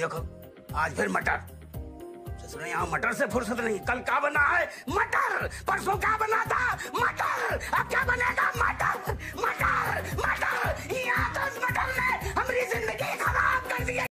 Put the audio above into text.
देखो आज फिर मटर ससुर यहाँ मटर से फुर्सत नहीं कल क्या बना है मटर परसों क्या बना था मटर अब क्या बनेगा